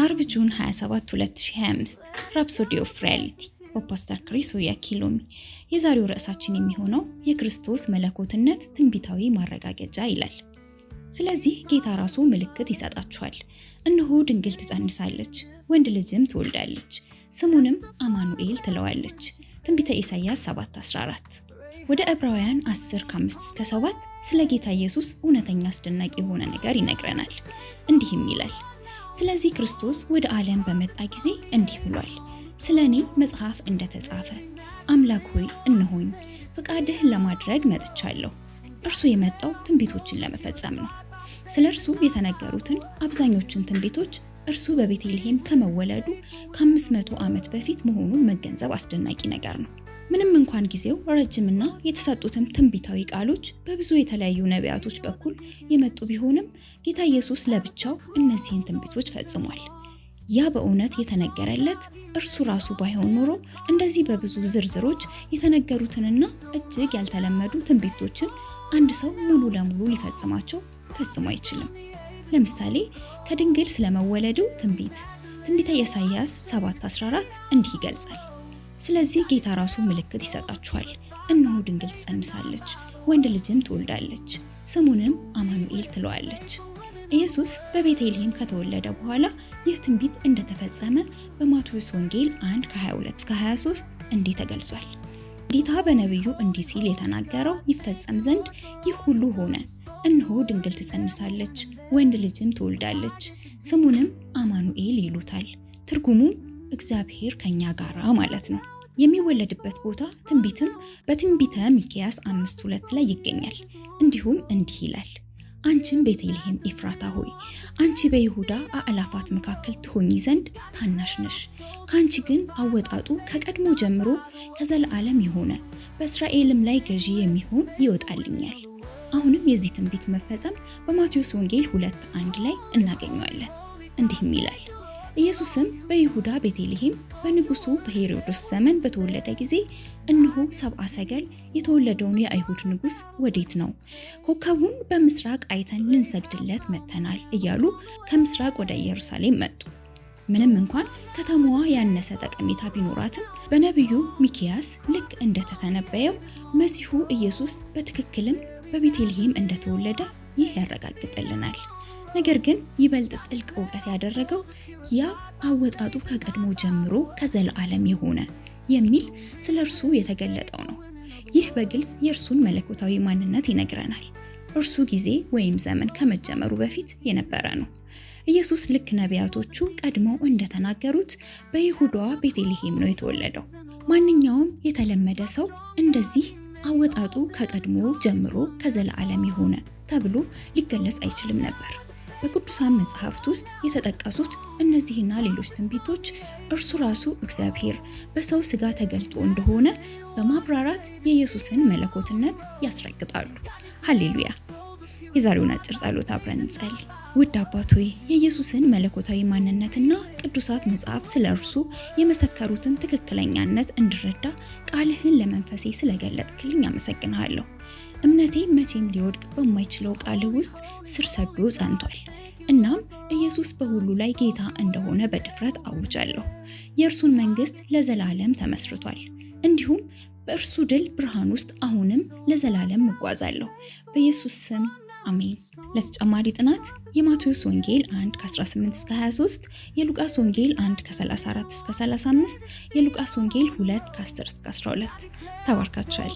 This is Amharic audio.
አርብ ጁን 27 2025 ራፕሶዲ ኦፍ ሪያሊቲ በፓስተር ክሪስ ኦያኪሎሚ። የዛሬው ርዕሳችን የሚሆነው የክርስቶስ መለኮትነት ትንቢታዊ ማረጋገጫ ይላል። ስለዚህ ጌታ ራሱ ምልክት ይሰጣችኋል፣ እነሆ ድንግል ትጸንሳለች፣ ወንድ ልጅም ትወልዳለች፣ ስሙንም አማኑኤል ትለዋለች። ትንቢተ ኢሳይያስ 7:14 ወደ ዕብራውያን 10 ከ5 እስከ 7 ስለ ጌታ ኢየሱስ እውነተኛ አስደናቂ የሆነ ነገር ይነግረናል። እንዲህም ይላል ስለዚህ ክርስቶስ ወደ ዓለም በመጣ ጊዜ እንዲህ ብሏል፣ ስለ እኔ መጽሐፍ እንደተጻፈ አምላክ ሆይ እነሆኝ፣ ፈቃድህን ለማድረግ መጥቻለሁ። እርሱ የመጣው ትንቢቶችን ለመፈጸም ነው። ስለ እርሱ የተነገሩትን አብዛኞቹን ትንቢቶች እርሱ በቤተልሔም ከመወለዱ ከ500 ዓመት በፊት መሆኑን መገንዘብ አስደናቂ ነገር ነው። ምንም እንኳን ጊዜው ረጅምና የተሰጡትም ትንቢታዊ ቃሎች በብዙ የተለያዩ ነቢያቶች በኩል የመጡ ቢሆንም ጌታ ኢየሱስ ለብቻው እነዚህን ትንቢቶች ፈጽሟል። ያ በእውነት የተነገረለት እርሱ ራሱ ባይሆን ኖሮ እንደዚህ በብዙ ዝርዝሮች የተነገሩትንና እጅግ ያልተለመዱ ትንቢቶችን አንድ ሰው ሙሉ ለሙሉ ሊፈጽማቸው ፈጽሞ አይችልም። ለምሳሌ ከድንግል ስለመወለዱ ትንቢት ትንቢተ ኢሳይያስ 7:14 እንዲህ ይገልጻል ስለዚህ ጌታ ራሱ ምልክት ይሰጣችኋል፣ እነሆ ድንግል ትጸንሳለች፣ ወንድ ልጅም ትወልዳለች፣ ስሙንም አማኑኤል ትለዋለች። ኢየሱስ በቤተልሔም ከተወለደ በኋላ ይህ ትንቢት እንደተፈጸመ በማቴዎስ ወንጌል 1 ከ22 እስከ 23 እንዲህ ተገልጿል። ጌታ በነቢዩ እንዲህ ሲል የተናገረው ይፈጸም ዘንድ ይህ ሁሉ ሆነ፣ እነሆ ድንግል ትጸንሳለች፣ ወንድ ልጅም ትወልዳለች፣ ስሙንም አማኑኤል ይሉታል። ትርጉሙም እግዚአብሔር ከኛ ጋራ ማለት ነው። የሚወለድበት ቦታ ትንቢትም በትንቢተ ሚክያስ አምስት ሁለት ላይ ይገኛል። እንዲሁም እንዲህ ይላል አንቺም ቤተልሔም ኤፍራታ ሆይ አንቺ በይሁዳ አእላፋት መካከል ትሆኚ ዘንድ ታናሽ ነሽ። ከአንቺ ግን አወጣጡ ከቀድሞ ጀምሮ ከዘለዓለም የሆነ በእስራኤልም ላይ ገዢ የሚሆን ይወጣልኛል። አሁንም የዚህ ትንቢት መፈጸም በማቴዎስ ወንጌል ሁለት አንድ ላይ እናገኘዋለን። እንዲህም ይላል ኢየሱስም በይሁዳ ቤተልሔም በንጉሱ በሄሮድስ ዘመን በተወለደ ጊዜ እነሆ ሰብአ ሰገል የተወለደውን የአይሁድ ንጉስ ወዴት ነው? ኮከቡን በምስራቅ አይተን ልንሰግድለት መጥተናል እያሉ ከምስራቅ ወደ ኢየሩሳሌም መጡ። ምንም እንኳን ከተማዋ ያነሰ ጠቀሜታ ቢኖራትም በነቢዩ ሚኪያስ ልክ እንደተተነበየው መሲሁ ኢየሱስ በትክክልም በቤተልሔም እንደተወለደ ይህ ያረጋግጥልናል። ነገር ግን ይበልጥ ጥልቅ እውቀት ያደረገው ያ አወጣጡ ከቀድሞ ጀምሮ ከዘላለም የሆነ የሚል ስለ እርሱ የተገለጠው ነው። ይህ በግልጽ የእርሱን መለኮታዊ ማንነት ይነግረናል። እርሱ ጊዜ ወይም ዘመን ከመጀመሩ በፊት የነበረ ነው። ኢየሱስ ልክ ነቢያቶቹ ቀድመው እንደተናገሩት በይሁዳዋ ቤተልሔም ነው የተወለደው። ማንኛውም የተለመደ ሰው እንደዚህ አወጣጡ ከቀድሞ ጀምሮ ከዘላለም የሆነ ተብሎ ሊገለጽ አይችልም ነበር። በቅዱሳን መጽሐፍት ውስጥ የተጠቀሱት እነዚህና ሌሎች ትንቢቶች እርሱ ራሱ እግዚአብሔር በሰው ሥጋ ተገልጦ እንደሆነ በማብራራት የኢየሱስን መለኮትነት ያስረግጣሉ። ሃሌሉያ! የዛሬውን አጭር ጸሎት አብረን እንጸልይ። ውድ አባት ሆይ የኢየሱስን መለኮታዊ ማንነትና ቅዱሳት መጽሐፍ ስለ እርሱ የመሰከሩትን ትክክለኛነት እንድረዳ ቃልህን ለመንፈሴ ስለገለጥክልኝ አመሰግንሃለሁ። እምነቴ መቼም ሊወድቅ በማይችለው ቃልህ ውስጥ ስር ሰዶ ጸንቷል። እናም ኢየሱስ በሁሉ ላይ ጌታ እንደሆነ በድፍረት አውጃለሁ። የእርሱን መንግሥት ለዘላለም ተመስርቷል። እንዲሁም በእርሱ ድል ብርሃን ውስጥ አሁንም ለዘላለም እጓዛለሁ። በኢየሱስ ስም አሜን። ለተጨማሪ ጥናት የማቴዎስ ወንጌል 1 ከ18 እስከ 23፣ የሉቃስ ወንጌል 1 ከ34 እስከ 35፣ የሉቃስ ወንጌል 2 ከ10 እስከ 12 ተባርካችኋል።